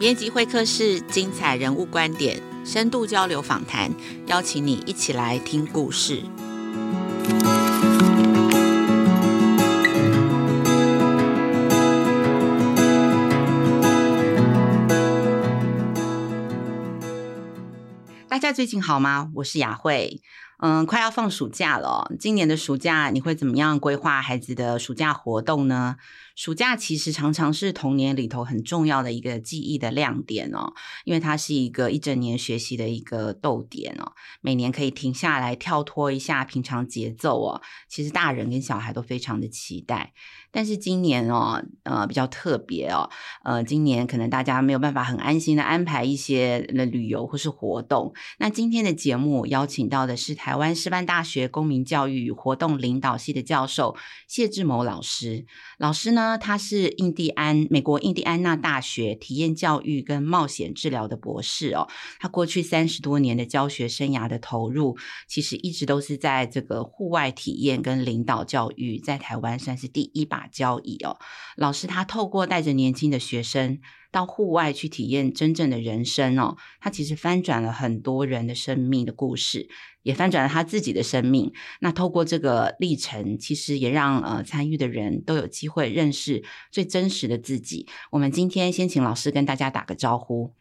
編輯會客室，精彩人物觀點，深度交流訪談，邀請你一起來聽故事。大家最近好嗎？我是雅慧。嗯，快要放暑假了哦，今年的暑假你會怎麼樣規劃孩子的暑假活動呢？暑假其實常常是童年裡頭很重要的一個記憶的亮點哦，因為它是一個一整年學習的一個逗點哦。每年可以停下來跳脫一下平常節奏哦。其實大人跟小孩都非常的期待。但是今年哦，呃，比較特別哦，呃，今年可能大家沒有辦法很安心的安排一些的旅遊或是活動。那今天的節目邀請到的是台。台灣師範大學公民教育與活動領導系的教授謝智謀老師，老師呢，他是印第安、美國印第安納大學體驗教育跟冒險治療的博士哦。他過去三十多年的教學生涯的投入，其實一直都是在這個戶外體驗跟領導教育，在台灣算是第一把交椅哦。老師他透過帶着年輕的學生，到戶外去體驗真正的人生哦，他其實翻轉了很多人的生命的故事，也翻轉了他自己的生命。那透過這個歷程，其實也讓呃，參與的人都有機會認識最真實的自己。我們今天先請老師跟大家打個招呼。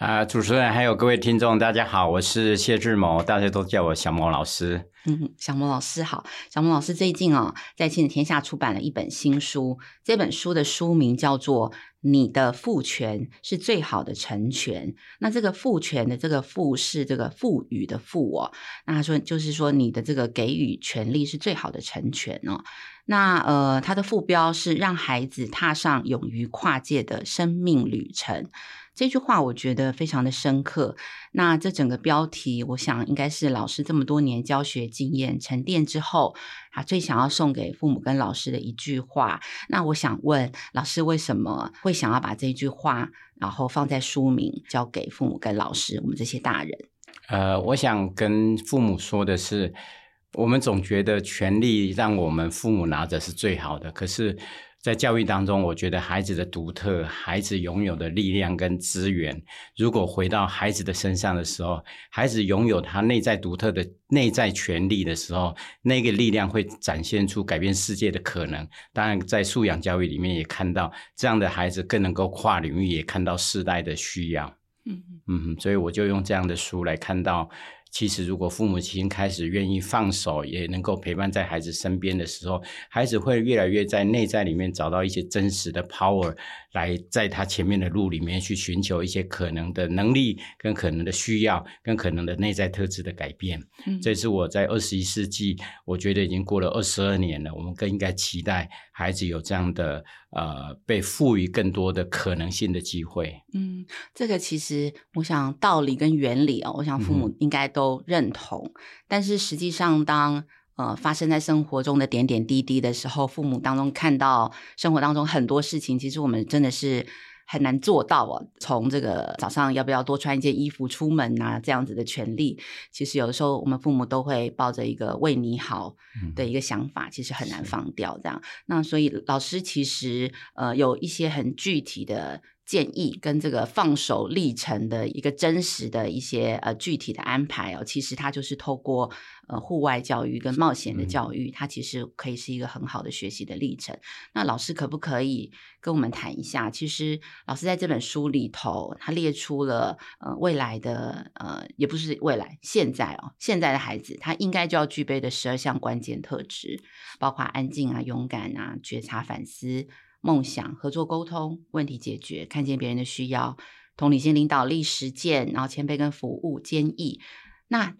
啊、呃，主持人還有各位聽眾，大家好，我是謝智謀，大家都叫我小謀老師。嗯，小謀老師好，小謀老師最近哦，在親子天下出版了一本新書，這本書的書名叫做《你的賦權是最好的成全》。那這個賦權的這個賦是這個賦予的賦哦。那他說就是說你的這個給予權利是最好的成全哦。那呃，他的副標是讓孩子踏上勇於跨界的生命旅程。這句話我覺得非常的深刻。那這整個標題，我想應該是老師這麼多年教學經驗沉澱之後，他、啊、最想要送給父母跟老師的一句話。那我想問老師，為什麼會想要把這句話，然後放在書名，交給父母跟老師，我們這些大人？呃，我想跟父母說的是，我們總覺得權力讓我們父母拿着是最好的，可是。在教育當中，我覺得孩子的獨特，孩子擁有的力量跟資源，如果回到孩子的身上的時候，孩子擁有他內在獨特的內在權利的時候，那個力量會展現出改變世界的可能。當然，在素養教育裡面也看到這樣的孩子更能夠跨領域，也看到世代的需要。嗯嗯，所以我就用這樣的書來看到。其實，如果父母親開始願意放手，也能夠陪伴在孩子身邊的時候，孩子會越來越在內在裡面找到一些真實的 power。來在他前面的路裡面去尋求一些可能的能力，跟可能的需要，跟可能的內在特質的改變。嗯，這是我在二十一世紀，我覺得已經過了二十二年了，我們更應該期待孩子有這樣的，呃，被賦予更多的可能性的機會。嗯，這個其實我想道理跟原理哦，我想父母應該都認同，嗯，但是實際上當。呃，發生在生活中的點點滴滴的時候，父母當中看到生活當中很多事情，其實我們真的是很難做到哦。從這個早上要不要多穿一件衣服出門吶、啊，這樣子的權利，其實有的時候我們父母都會抱着一個為你好的一個想法，嗯、其實很難放掉這樣。那所以老師其實呃有一些很具體的。建議跟這個放手歷程的一個真實的一些呃具體的安排哦，其實它就是透過呃戶外教育跟冒險的教育，它其實可以是一個很好的學習的歷程。嗯。那老師可不可以跟我們談一下？其實老師在這本書裡頭，他列出了呃未來的呃也不是未來，現在哦、喔，現在的孩子他應該就要具備的十二項關鍵特質，包括安靜啊、勇敢啊、覺察、反思。夢想、合作、溝通、問題解決、看見別人的需要、同理心、領導力、實踐，然後謙卑跟服務、堅毅。那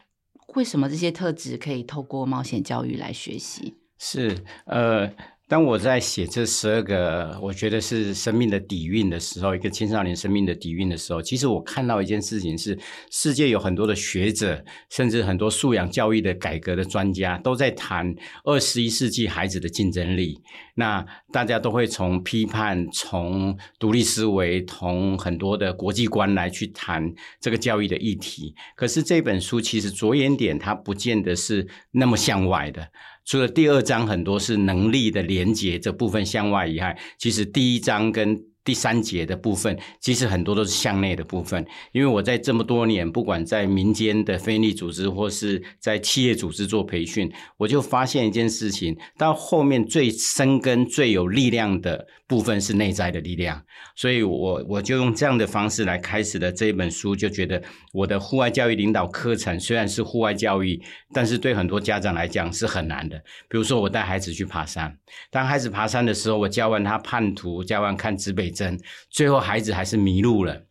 為什麼這些特質可以透過冒險教育來學習？是，呃。當我在寫這十二個我覺得是生命的底蘊的時候，一個青少年生命的底蘊的時候，其實我看到一件事情是，世界有很多的學者，甚至很多素養教育的改革的專家都在談二十一世紀孩子的競爭力。那大家都會從批判、從獨立思維、從很多的國際觀來去談這個教育的議題。可是這本書其實着眼點，它不見得是那麼向外的。除了第二章很多是能力的連接，這部分向外以外，其實第一章跟。第三節的部分，其實很多都是向內的部分。因為我在這麼多年，不管在民間的非利組織，或是在企業組織做培訓，我就發現一件事情：到後面最深耕、最有力量的部分是內在的力量。所以我，我我就用這樣的方式來開始了這一本書，就覺得我的戶外教育領導課程雖然是戶外教育，但是對很多家長來講是很難的。比如說，我帶孩子去爬山，當孩子爬山的時候，我教完他判圖，教完看植被。真，最後孩子還是迷路了。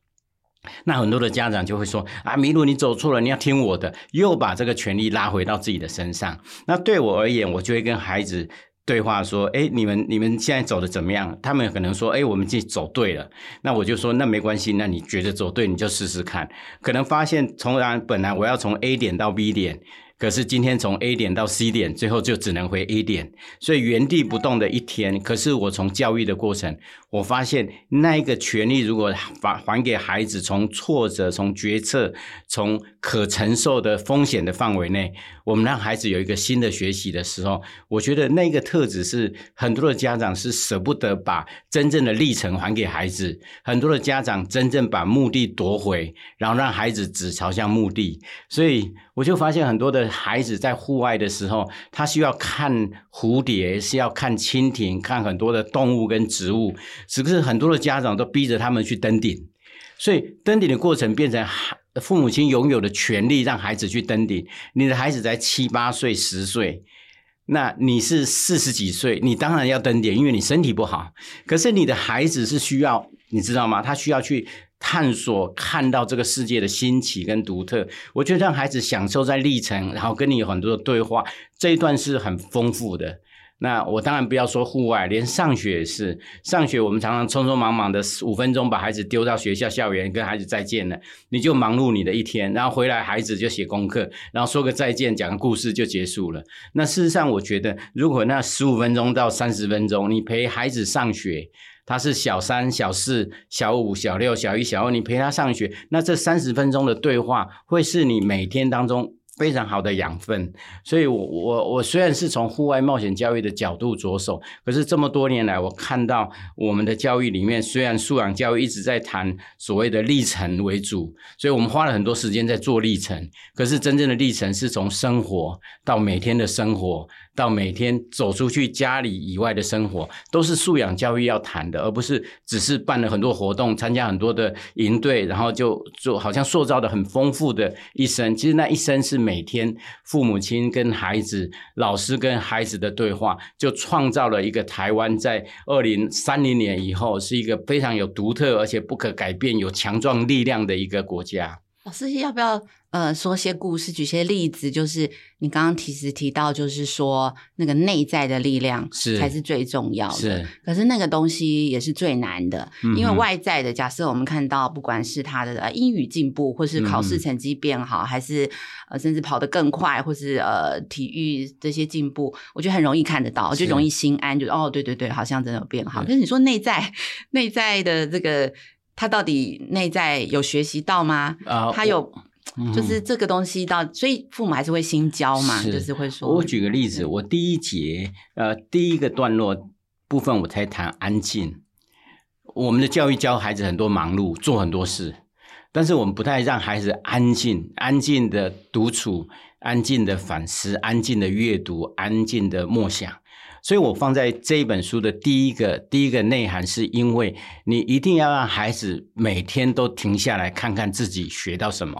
那很多的家長就會說：“啊，迷路，你走錯了，你要聽我的。”又把這個權力拉回到自己的身上。那對我而言，我就會跟孩子對話說：“哎、欸，你們，你們現在走得怎麼樣？”他們可能說：“哎、欸，我們自己走對了。”那我就說：“那沒關係，那你覺得走對你就試試看。可能發現從，從、啊、然本來我要從 A 點到 B 點。”可是今天從 A 點到 C 點，最後就只能回 A 點，所以原地不動的一天。可是我從教育的過程，我發現那一個權利如果還還給孩子，從挫折、從決策、從可承受的風險的範圍內，我們讓孩子有一個新的學習的時候，我覺得那個特質是很多的家長是捨不得把真正的歷程還給孩子，很多的家長真正把目的奪回，然後讓孩子只朝向目的，所以我就發現很多的。孩子在戶外的時候，他需要看蝴蝶，需要看蜻蜓，看很多的動物跟植物。只是很多的家長都逼着他們去登頂，所以登頂的過程變成父母親擁有的權利，讓孩子去登頂。你的孩子在七八歲、十歲，那你是四十幾歲，你當然要登頂，因為你身體不好。可是你的孩子是需要，你知道嗎？他需要去。探索看到這個世界的新奇跟獨特，我覺得讓孩子享受在歷程，然後跟你有很多的對話，這一段是很豐富的。那我當然不要說戶外，連上學也是。上學我們常常匆匆忙忙的五分鐘把孩子丟到學校校園，跟孩子再見了，你就忙碌你的一天，然後回來孩子就寫功課，然後說個再見，講個故事就結束了。那事實上，我覺得如果那十五分鐘到三十分鐘，你陪孩子上學。他是小三、小四、小五、小六、小一、小二，你陪他上學，那這三十分鐘的對話會是你每天當中非常好的養分。所以我，我我我雖然是從戶外冒險教育的角度着手，可是這麼多年來，我看到我們的教育裡面，雖然素養教育一直在談所謂的歷程為主，所以我們花了很多時間在做歷程，可是真正的歷程是從生活到每天的生活。到每天走出去家裡以外的生活，都是素養教育要談的，而不是只是辦了很多活動、參加很多的營隊，然後就就好像塑造的很豐富的一生。其實那一生是每天父母親跟孩子、老師跟孩子的對話，就創造了一個台灣在二零三零年以後是一個非常有獨特而且不可改變、有強壯力量的一個國家。老師要不要？呃，說些故事，舉些例子，就是你剛剛其實提到，就是說那個內在的力量是才是最重要的，是、可是那個東西也是最難的、嗯，因為外在的，假設我們看到不管是他的英語進步，或是考試成績變好，嗯、還是呃甚至跑得更快，或是呃體育這些進步，我覺得很容易看得到，就容易心安，是就哦，對對對，好像真的有變好。可是你說內在，內在的這個他到底內在有學習到嗎？啊、他有。就是這個東西到，所以父母還是會心焦嘛，就是會說。我舉個例子，我第一節呃第一個段落部分，我才談安靜。我們的教育教孩子很多忙碌，做很多事，但是我們不太讓孩子安靜，安靜的獨處，安靜的反思，安靜的閱讀，安靜的默想。所以我放在這一本書的第一個第一個內涵，是因為你一定要讓孩子每天都停下來看看自己學到什麼。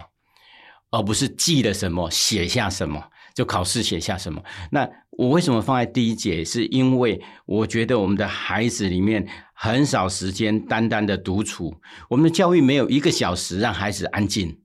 而不是記了什麼，寫下什麼，就考試寫下什麼。那我為什麼放在第一節？是因為我覺得我們的孩子裡面很少時間單單的獨處，我們的教育沒有一個小時讓孩子安靜，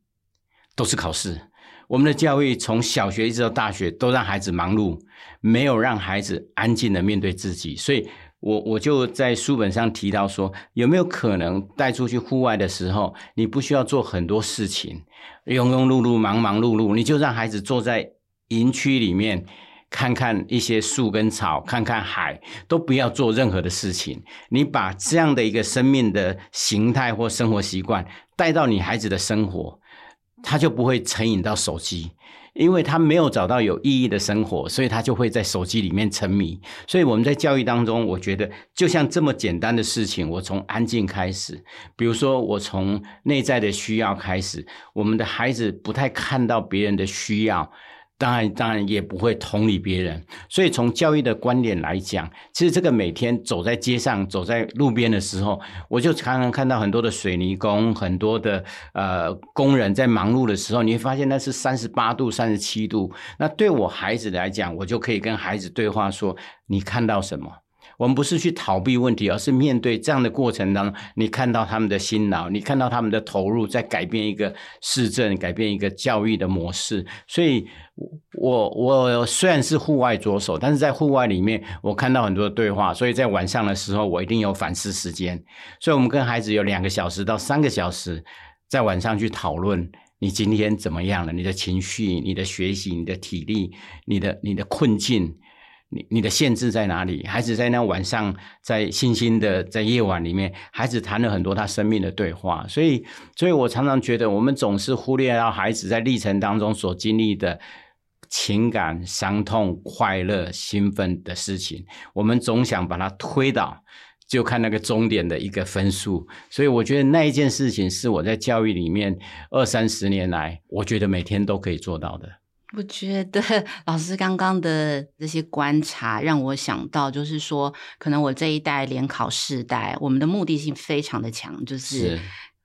都是考試。我們的教育從小學一直到大學都讓孩子忙碌，沒有讓孩子安靜的面對自己，所以。我我就在書本上提到說，有沒有可能帶出去戶外的時候，你不需要做很多事情，庸庸碌碌、忙忙碌碌，你就讓孩子坐在營區裡面，看看一些樹跟草，看看海，都不要做任何的事情。你把這樣的一個生命的形態或生活習慣帶到你孩子的生活，他就不會成癮到手機。因為他沒有找到有意義的生活，所以他就會在手機裡面沉迷。所以我們在教育當中，我覺得就像這麼簡單的事情，我從安靜開始，比如說我從內在的需要開始。我們的孩子不太看到別人的需要。當然，當然也不會同理別人。所以從教育的觀點來講，其實這個每天走在街上、走在路邊的時候，我就常常看到很多的水泥工、很多的，呃，工人在忙碌的時候，你會發現那是38度、37度。那對我孩子來講，我就可以跟孩子對話說：“你看到什麼？”我們不是去逃避問題，而是面對這樣的過程當中，你看到他們的辛勞，你看到他們的投入，在改變一個市政、改變一個教育的模式。所以我，我我雖然是戶外着手，但是在戶外裡面，我看到很多對話。所以在晚上的時候，我一定有反思時間。所以我們跟孩子有兩個小時到三個小時，在晚上去討論你今天怎麼樣了，你的情緒、你的學習、你的體力、你的你的困境。你你的限制在哪裡？孩子在那晚上，在星星的在夜晚裡面，孩子談了很多他生命的對話。所以，所以我常常覺得，我們總是忽略到孩子在歷程當中所經歷的情感、傷痛、快樂、興奮的事情。我們總想把它推倒，就看那個終點的一個分數。所以，我覺得那一件事情是我在教育裡面二三十年來，我覺得每天都可以做到的。我覺得老師剛剛的這些觀察讓我想到，就是說，可能我這一代聯考世代，我們的目的性非常的強，就是，是。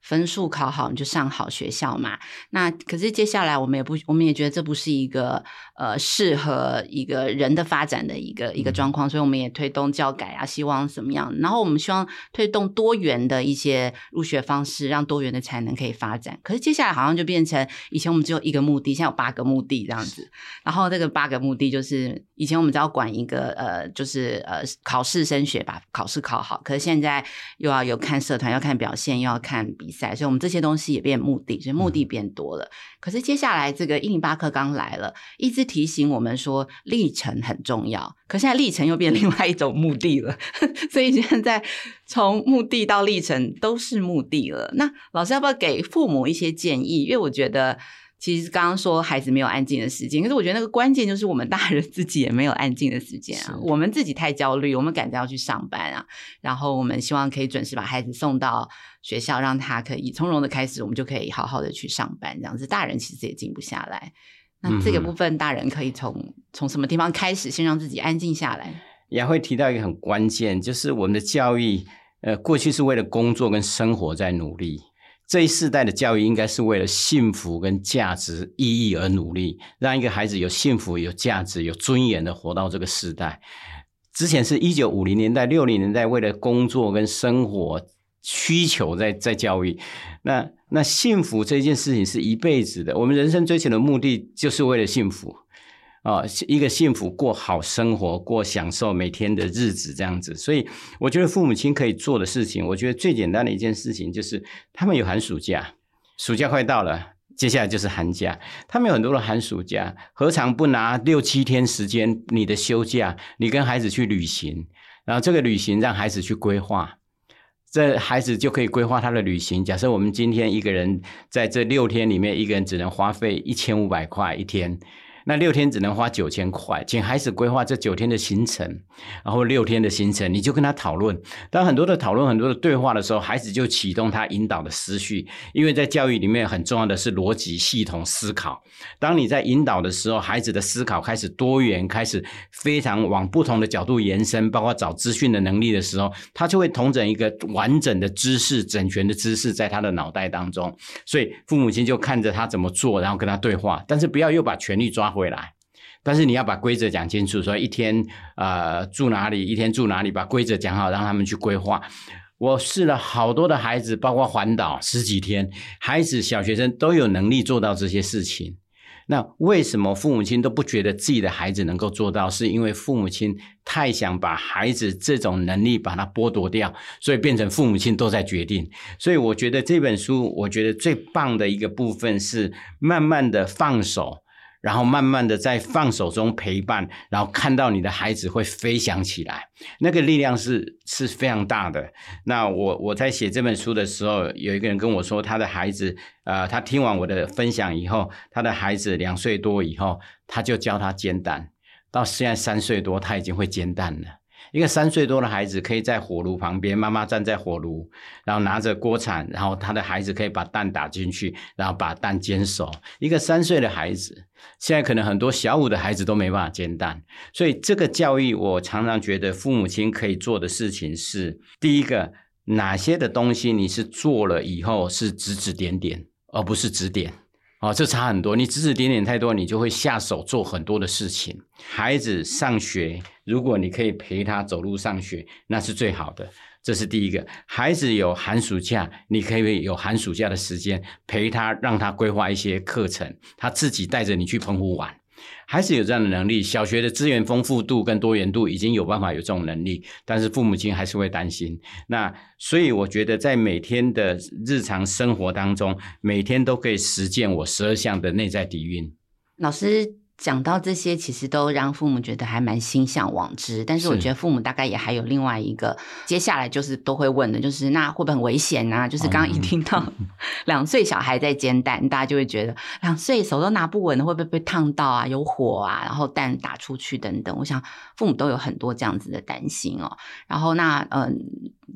分數考好你就上好學校嘛？那可是接下來我們也不，我們也覺得這不是一個呃適合一個人的發展的一個一個狀況，所以我們也推動教改啊，希望怎麼樣？然後我們希望推動多元的一些入學方式，讓多元的才能可以發展。可是接下來好像就變成以前我們只有一個目的，現在有八個目的這樣子。然後這個八個目的就是以前我們只要管一個呃，就是呃考試升學吧，把考試考好。可是現在又要有看社團，要看表現，又要看比賽。所以，我們這些東西也變目的，所以目的變多了、嗯。可是接下來，這個108課綱來了，一直提醒我們說歷程很重要。可現在歷程又變另外一種目的了。 所以，現在從目的到歷程都是目的了。那老師要不要給父母一些建議？因為我覺得。其實剛剛說孩子沒有安靜的時間，可是我覺得那個關鍵就是我們大人自己也沒有安靜的時間啊。我們自己太焦慮，我們趕着要去上班啊，然後我們希望可以準時把孩子送到學校，讓他可以從容的開始，我們就可以好好的去上班。這樣子，大人其實也靜不下來。那這個部分，大人可以從、嗯、從什麼地方開始，先讓自己安靜下來？雅慧提到一個很關鍵，就是我們的教育，呃，過去是為了工作跟生活在努力。這一世代的教育應該是為了幸福跟價值意義而努力，讓一個孩子有幸福、有價值、有尊嚴的活到這個世代。之前是一九五零年代、六零年代，為了工作跟生活需求在在教育，那那幸福這件事情是一輩子的，我們人生追求的目的就是為了幸福。啊，一個幸福過好生活，過享受每天的日子這樣子。所以，我覺得父母親可以做的事情，我覺得最簡單的一件事情就是，他們有寒暑假，暑假快到了，接下來就是寒假，他們有很多的寒暑假，何嘗不拿六七天時間，你的休假，你跟孩子去旅行，然後這個旅行讓孩子去規劃，這孩子就可以規劃他的旅行。假設我們今天一個人在這六天裡面，一個人只能花費一千五百塊一天。那六天只能花九千塊，請孩子規劃這九天的行程，然後六天的行程，你就跟他討論。當很多的討論、很多的對話的時候，孩子就啟動他引導的思緒。因為在教育裡面很重要的是邏輯、系統思考。當你在引導的時候，孩子的思考開始多元，開始非常往不同的角度延伸，包括找資訊的能力的時候，他就會統整一個完整的知識、整全的知識在他的腦袋當中。所以父母親就看着他怎麼做，然後跟他對話，但是不要又把權力抓回來，但是你要把規則講清楚，說一天呃住哪裡，一天住哪裡，把規則講好，讓他們去規劃。我試了好多的孩子，包括環島十幾天，孩子小學生都有能力做到這些事情。那為什麼父母親都不覺得自己的孩子能夠做到？是因為父母親太想把孩子這種能力把它剝奪掉，所以變成父母親都在決定。所以我覺得這本書，我覺得最棒的一個部分是慢慢的放手。然後慢慢的在放手中陪伴，然後看到你的孩子會飛翔起來，那個力量是是非常大的。那我我在寫這本書的時候，有一個人跟我說，他的孩子，呃，他聽完我的分享以後，他的孩子兩歲多以後，他就教他煎蛋，到現在三歲多，他已經會煎蛋了。一個三歲多的孩子可以在火爐旁邊，媽媽站在火爐，然後拿着鍋鏟，然後他的孩子可以把蛋打進去，然後把蛋煎熟。一個三歲的孩子，現在可能很多小五的孩子都沒辦法煎蛋，所以這個教育，我常常覺得父母親可以做的事情是：第一個，哪些的東西你是做了以後是指指點點，而不是指點。哦，這差很多。你指指點點太多，你就會下手做很多的事情。孩子上學，如果你可以陪他走路上學，那是最好的。這是第一個，孩子有寒暑假，你可以有寒暑假的時間陪他，讓他規劃一些課程，他自己帶着你去澎湖玩。還是有這樣的能力。小學的資源豐富度跟多元度已經有辦法有這種能力，但是父母親還是會擔心。那所以我覺得在每天的日常生活當中，每天都可以實踐我十二項的內在底蘊。老師。講到這些，其實都讓父母覺得還蠻心向往之，但是我覺得父母大概也還有另外一個，接下來就是都會問的，就是那會不會很危險呢、啊？就是剛剛一聽到兩歲小孩在煎蛋，大家就會覺得兩歲手都拿不穩，會不會被燙到啊？有火啊？然後蛋打出去等等。我想父母都有很多這樣子的擔心哦。然後那嗯。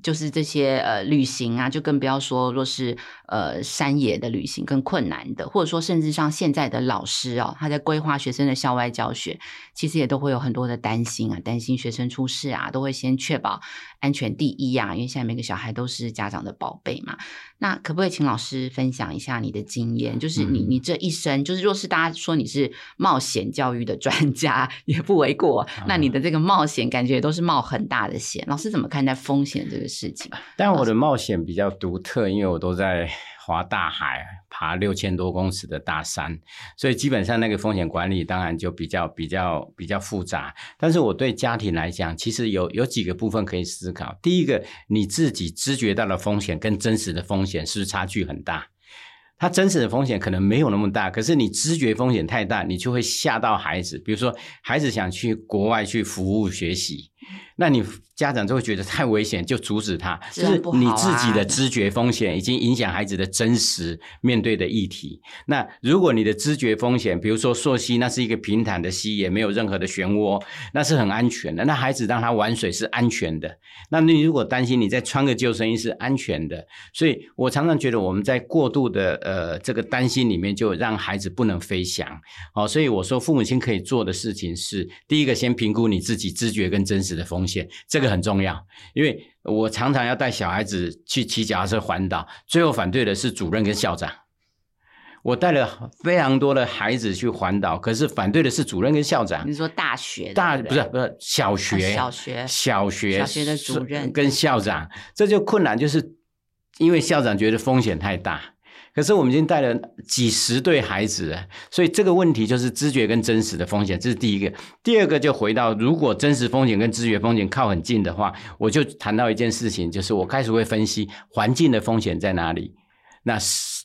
就是這些呃旅行啊，就更不要說若是呃山野的旅行更困難的，或者說甚至像現在的老師哦，他在規劃學生的校外教學，其實也都會有很多的擔心啊，擔心學生出事啊，都會先確保安全第一啊，因為現在每個小孩都是家長的寶貝嘛。那可不可以請老師分享一下你的經驗？就是你你這一生，就是若是大家說你是冒險教育的專家，也不為過，那你的這個冒險感覺都是冒很大的險。老師怎麼看待風險這個的事情，但我的冒險比較獨特，因為我都在滑大海、爬六千多公尺的大山，所以基本上那個風險管理當然就比較比較比較複雜。但是我對家庭來講，其實有有幾個部分可以思考。第一個，你自己知覺到的風險跟真實的風險是差距很大，它真實的風險可能沒有那麼大，可是你知覺風險太大，你就會嚇到孩子。比如說，孩子想去國外去服務學習。那你家長就會覺得太危險，就阻止他。就是你自己的知覺風險已經影響孩子的真實面對的議題。嗯。那如果你的知覺風險，比如說溯溪，那是一個平坦的溪，也沒有任何的漩渦，那是很安全的。那孩子讓他玩水是安全的。那你如果擔心，你再穿個救生衣是安全的。所以我常常覺得我們在過度的呃這個擔心裡面，就讓孩子不能飛翔。哦，所以我說父母親可以做的事情是：第一個，先評估你自己知覺跟真實的風險。風險，這個很重要，因為我常常要帶小孩子去騎腳踏車環島，最後反對的是主任跟校長。我帶了非常多的孩子去環島，可是反對的是主任跟校長。你說大學大不是不是小學、啊、小學小學小學的主任跟校長，這就困難，就是因為校長覺得風險太大。可是我們已經帶了幾十對孩子，所以這個問題就是知覺跟真實的風險，這是第一個。第二個就回到，如果真實風險跟知覺風險靠很近的話，我就談到一件事情，就是我開始會分析環境的風險在哪裡，那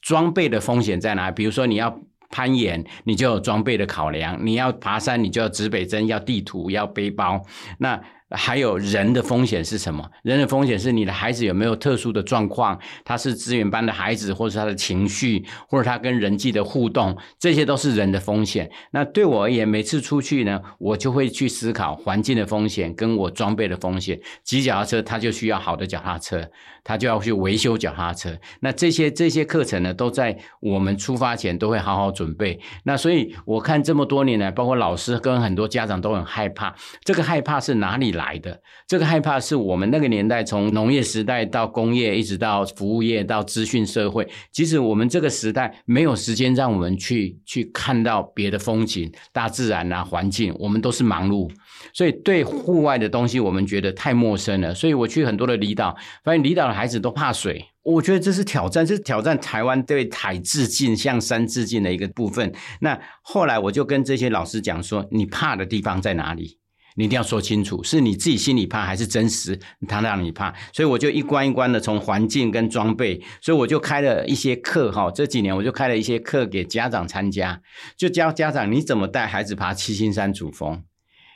裝備的風險在哪裡？比如說你要攀岩，你就有裝備的考量；你要爬山，你就要指北針、要地圖、要背包。那還有人的風險是什麼？人的風險是你的孩子有沒有特殊的狀況？他是資源班的孩子，或者是他的情緒，或者他跟人際的互動，這些都是人的風險。那對我而言，每次出去呢，我就會去思考環境的風險跟我裝備的風險。騎腳踏車，他就需要好的腳踏車，他就要去維修腳踏車。那這些這些課程呢，都在我們出發前都會好好準備。那所以，我看這麼多年來，包括老師跟很多家長都很害怕，這個害怕是哪裡了？來的這個害怕是我們那個年代從農業時代到工業，一直到服務業到資訊社會。即使我們這個時代沒有時間讓我們去去看到別的風景、大自然啊、環境，我們都是忙碌，所以對戶外的東西我們覺得太陌生了。所以我去很多的離島，發現離島的孩子都怕水。我覺得這是挑戰，這是挑戰台灣對海致敬、向山致敬的一個部分。那後來我就跟這些老師講說：“你怕的地方在哪裡？”你一定要說清楚，是你自己心裡怕，還是真實他讓你怕？所以我就一關一關的從環境跟裝備，所以我就開了一些課哈。這幾年我就開了一些課給家長參加，就教家長你怎麼帶孩子爬七星山主峰，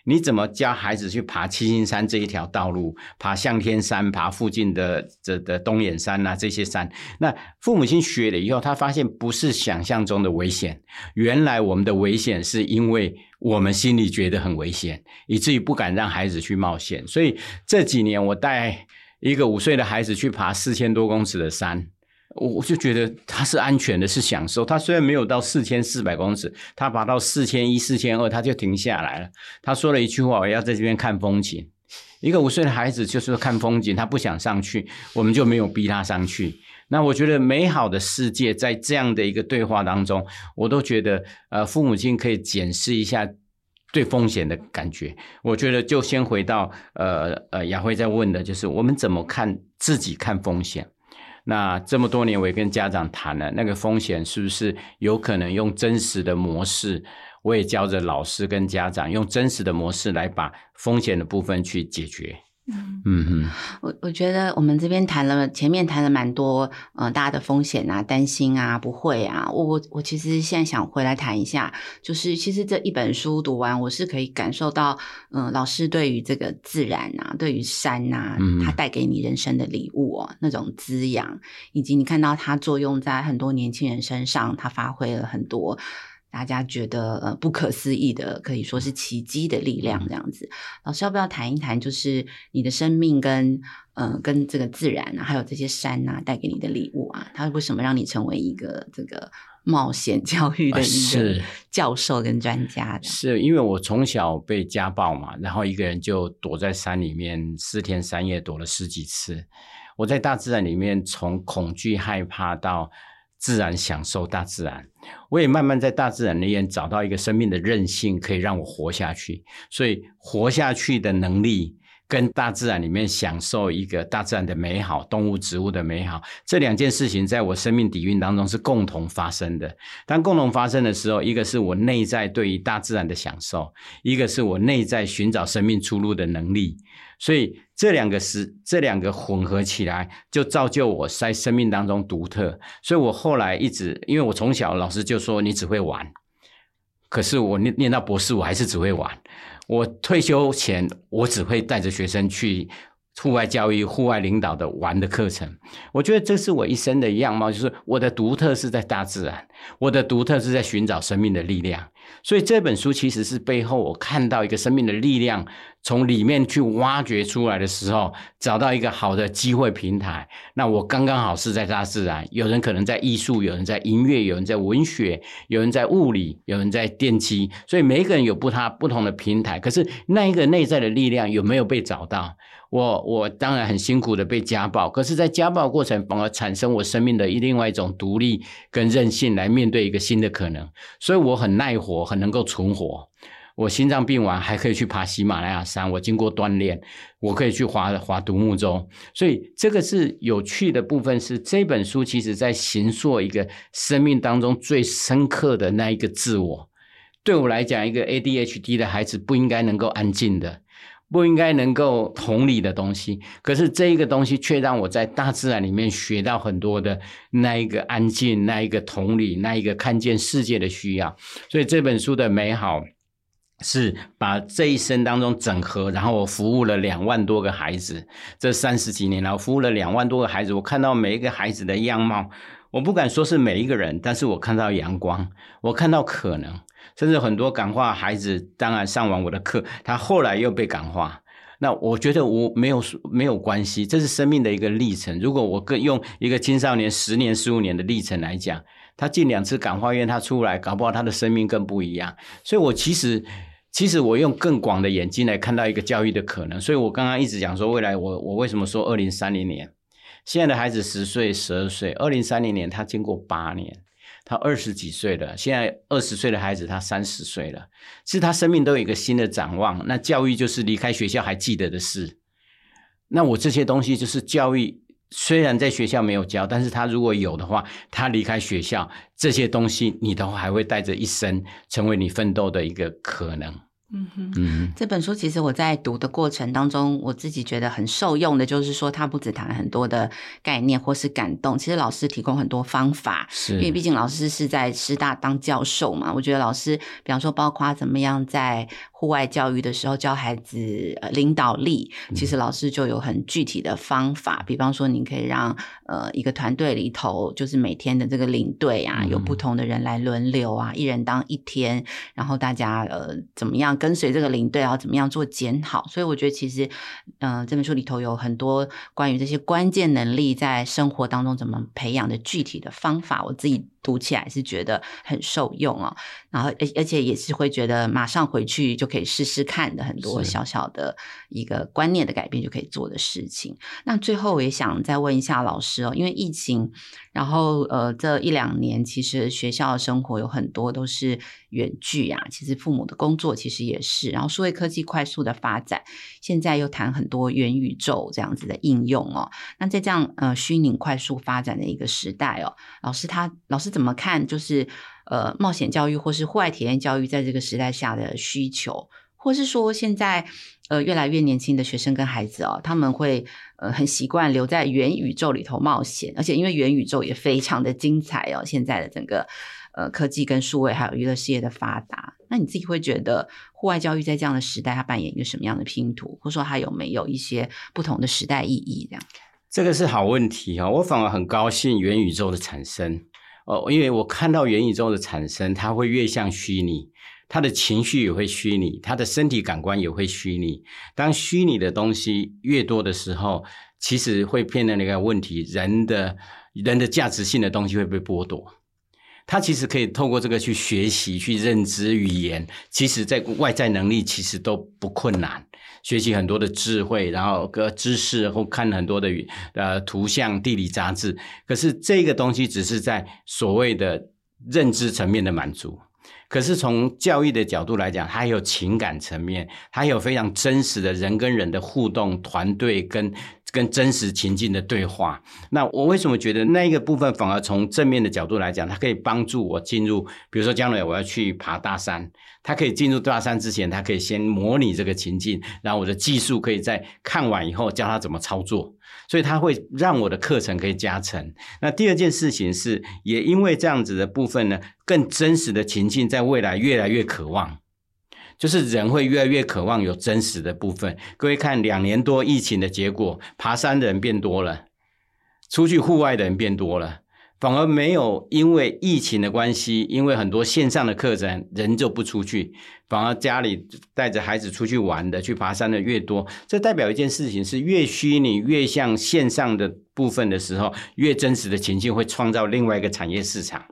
你怎麼教孩子去爬七星山這一條道路，爬向天山，爬附近的這的東眼山啊，這些山。那父母親學了以後，他發現不是想象中的危險，原來我們的危險是因為我們心裡覺得很危險，以至於不敢讓孩子去冒險。所以這幾年，我帶一個五歲的孩子去爬四千多公尺的山，我我就覺得他是安全的，是享受。他雖然沒有到四千四百公尺，他爬到四千一、四千二，他就停下來了。他說了一句話：“我要在這邊看風景。”一個五歲的孩子就是看風景，他不想上去，我們就沒有逼他上去。那我覺得美好的世界在這樣的一個對話當中，我都覺得呃，父母親可以檢視一下對風險的感覺。我覺得就先回到呃呃，雅慧在問的就是我們怎麼看自己看風險。那這麼多年我也跟家長談了，那個風險是不是有可能用真實的模式？我也教着老師跟家長用真實的模式來把風險的部分去解決。嗯嗯，我我覺得我們這邊談了，前面談了蠻多，嗯、呃，大家的風險啊、擔心啊、不會啊，我我我其實現在想回來談一下，就是其實這一本書讀完，我是可以感受到，嗯、呃，老師對於這個自然啊、對於山啊、嗯，他帶給你人生的禮物哦，那種滋養，以及你看到它作用在很多年輕人身上，它發揮了很多。大家覺得呃不可思議的，可以說是奇蹟的力量這樣子。老師，要不要談一談，就是你的生命跟嗯、呃、跟這個自然啊，還有這些山啊帶給你的禮物啊，它為什麼讓你成為一個這個冒險教育的一個教授跟專家的？是，是因為我從小被家暴嘛，然後一個人就躲在山裡面四天三夜躲了十幾次。我在大自然裡面，從恐懼害怕到自然享受大自然，我也慢慢在大自然裡面找到一個生命的韌性，可以讓我活下去。所以活下去的能力跟大自然裡面享受一個大自然的美好、動物植物的美好，這兩件事情在我生命底蘊當中是共同發生的。當共同發生的時候，一個是我內在對於大自然的享受，一個是我內在尋找生命出路的能力。所以這兩個是這兩個混合起來，就造就我在生命當中獨特。所以我後來一直，因為我從小老師就說你只會玩，可是我念念到博士，我還是只會玩。我退休前，我只會帶着學生去戶外教育、戶外領導的玩的課程。我覺得這是我一生的樣貌，就是我的獨特是在大自然，我的獨特是在尋找生命的力量。所以這本書其實是背後我看到一個生命的力量，從裡面去挖掘出來的時候，找到一個好的機會平台。那我剛剛好是在大自然，有人可能在藝術，有人在音樂，有人在文學，有人在物理，有人在電機，所以每個人有不他不同的平台，可是那一個內在的力量有沒有被找到？我我當然很辛苦的被家暴，可是在家暴過程反而產生我生命的另外一種獨立跟韌性來面對一個新的可能。所以我很耐火。我很能夠存活，我心臟病完還可以去爬喜馬拉雅山，我經過鍛鍊，我可以去滑滑獨木舟，所以這個是有趣的部分。是這本書其實在形塑一個生命當中最深刻的那一個自我。對我來講，一個 A D H D 的孩子不應該能夠安靜的。不應該能夠同理的東西，可是這一個東西卻讓我在大自然裡面學到很多的那一個安靜、那一個同理、那一個看見世界的需要。所以這本書的美好是把這一生當中整合，然後我服務了兩萬多個孩子，這三十幾年來服務了兩萬多個孩子，我看到每一個孩子的樣貌，我不敢說是每一個人，但是我看到陽光，我看到可能。甚至很多感化孩子，當然上完我的課，他後來又被感化。那我覺得我沒有沒有關係，這是生命的一個歷程。如果我更用一個青少年十年十五年的歷程來講，他進兩次感化院，他出來，搞不好他的生命更不一樣。所以，我其實其實我用更廣的眼睛來看到一個教育的可能。所以我剛剛一直講說，未來我我為什麼說二零三零年？現在的孩子十歲十二歲，二零三零年他經過八年。他二十幾歲了，現在二十歲的孩子，他三十歲了，是他生命都有一個新的展望。那教育就是離開學校還記得的事。那我這些東西就是教育，雖然在學校沒有教，但是他如果有的話，他離開學校這些東西，你都還會帶着一生，成為你奮鬥的一個可能。嗯哼，嗯哼，這本書其實我在讀的過程當中，我自己覺得很受用的，就是說它不只談很多的概念或是感動，其實老師提供很多方法，是，因為畢竟老師是在師大當教授嘛，我覺得老師，比方說包括怎麼樣在。戶外教育的時候，教孩子領導力，其實老師就有很具體的方法。嗯、比方說，你可以讓呃一個團隊裡頭，就是每天的這個領隊啊，有不同的人來輪流啊，一人當一天，然後大家呃怎麼樣跟隨這個領隊啊，然後怎麼樣做檢討。所以我覺得，其實嗯、呃，這本書裡頭有很多關於這些關鍵能力在生活當中怎麼培養的具體的方法，我自己。讀起來是覺得很受用哦，然後而而且也是會覺得馬上回去就可以試試看的，很多小小的一個觀念的改變就可以做的事情。那最後我也想再問一下老師哦，因為疫情，然後呃這一兩年其實學校的生活有很多都是遠距啊，其實父母的工作其實也是，然後數位科技快速的發展，現在又談很多元宇宙這樣子的應用哦。那在這樣呃虛擬快速發展的一個時代哦，老師他老師他。怎麼看？就是呃，冒險教育或是戶外體驗教育，在這個時代下的需求，或是說現在呃越來越年輕的學生跟孩子哦，他們會呃很習慣留在元宇宙裡頭冒險，而且因為元宇宙也非常的精彩哦。現在的整個呃科技跟數位還有娛樂事業的發達，那你自己會覺得戶外教育在這樣的時代，它扮演一個什麼樣的拼圖，或說它有沒有一些不同的時代意義？這樣，這個是好問題哦、啊。我反而很高興元宇宙的產生。哦，因為我看到元宇宙的產生，它會越像虛擬，他的情緒也會虛擬，他的身體感官也會虛擬。當虛擬的東西越多的時候，其實會變成一個問題，人的人的價值性的東西會被剝奪。他其實可以透過這個去學習、去認知語言，其實在外在能力其實都不困難。學習很多的智慧，然後跟知識，或看很多的呃圖像、地理雜誌。可是這個東西只是在所謂的認知層面的滿足。可是從教育的角度來講，它還有情感層面，它還有非常真實的人跟人的互動、團隊跟。跟真實情境的對話，那我為什麼覺得那一個部分反而從正面的角度來講，它可以幫助我進入，比如說將來我要去爬大山，它可以進入大山之前，它可以先模擬這個情境，然後我的技術可以在看完以後教他怎麼操作，所以它會讓我的課程可以加成。那第二件事情是，也因為這樣子的部分呢，更真實的情境在未來越來越渴望。就是人會越來越渴望有真實的部分。各位看，兩年多疫情的結果，爬山的人變多了，出去戶外的人變多了，反而沒有因為疫情的關係，因為很多線上的課程，人就不出去，反而家裡帶着孩子出去玩的、去爬山的越多，這代表一件事情是，越虛擬、越像線上的部分的時候，越真實的情境會創造另外一個產業市場。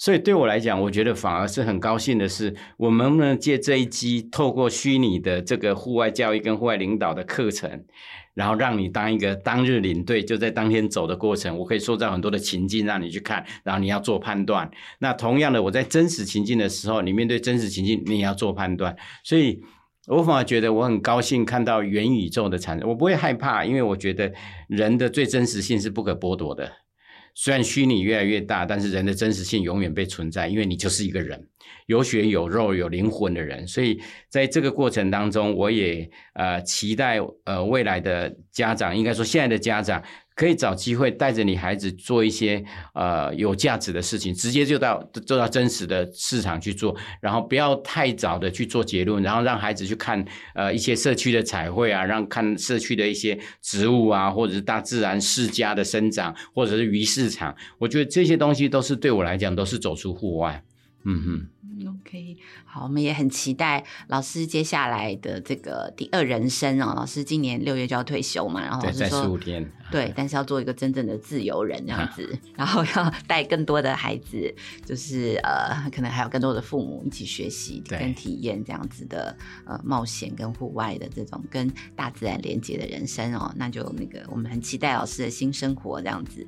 所以對我來講，我覺得反而是很高興的是，我們能不能借這一機，透過虛擬的這個戶外教育跟戶外領導的課程，然後讓你當一個當日領隊，就在當天走的過程，我可以塑造很多的情境讓你去看，然後你要做判斷。那同樣的，我在真實情境的時候，你面對真實情境，你也要做判斷。所以我反而覺得我很高興看到元宇宙的產生，我不會害怕，因為我覺得人的最真實性是不可剝奪的。雖然虛擬越來越大，但是人的真實性永遠被存在，因為你就是一個人，有血有肉有靈魂的人。所以在這個過程當中，我也呃期待呃未來的家長，應該說現在的家長。可以找機會帶着你孩子做一些呃有價值的事情，直接就到做到真實的市場去做，然後不要太早的去做結論，然後讓孩子去看呃一些社區的彩繪啊，讓看社區的一些植物啊，或者是大自然世家的生長，或者是魚市場，我覺得這些東西都是對我來講都是走出戶外，嗯哼。可以，好，我們也很期待老師接下來的這個第二人生哦。老師今年六月就要退休嘛，然後再十五天。對，但是要做一個真正的自由人這樣子，啊、然後要帶更多的孩子，就是呃，可能還有更多的父母一起學習跟體驗這樣子的呃冒險跟戶外的這種跟大自然連接的人生哦。那就那個我們很期待老師的新生活這樣子。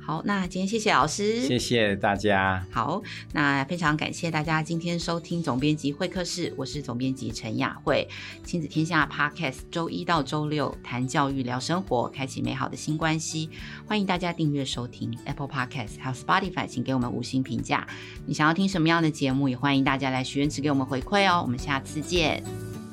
好，那今天謝謝老師，謝謝大家。好，那非常感謝大家今天收聽總編輯會客室，我是總編輯陳雅慧。親子天下 Podcast，週一到週六談教育、聊生活，開啟美好的新關係。歡迎大家訂閱收聽 Apple Podcast 還有 Spotify，請給我們五星評價。你想要聽什麼樣的節目？也歡迎大家來許願池給我們回饋哦。我們下次見。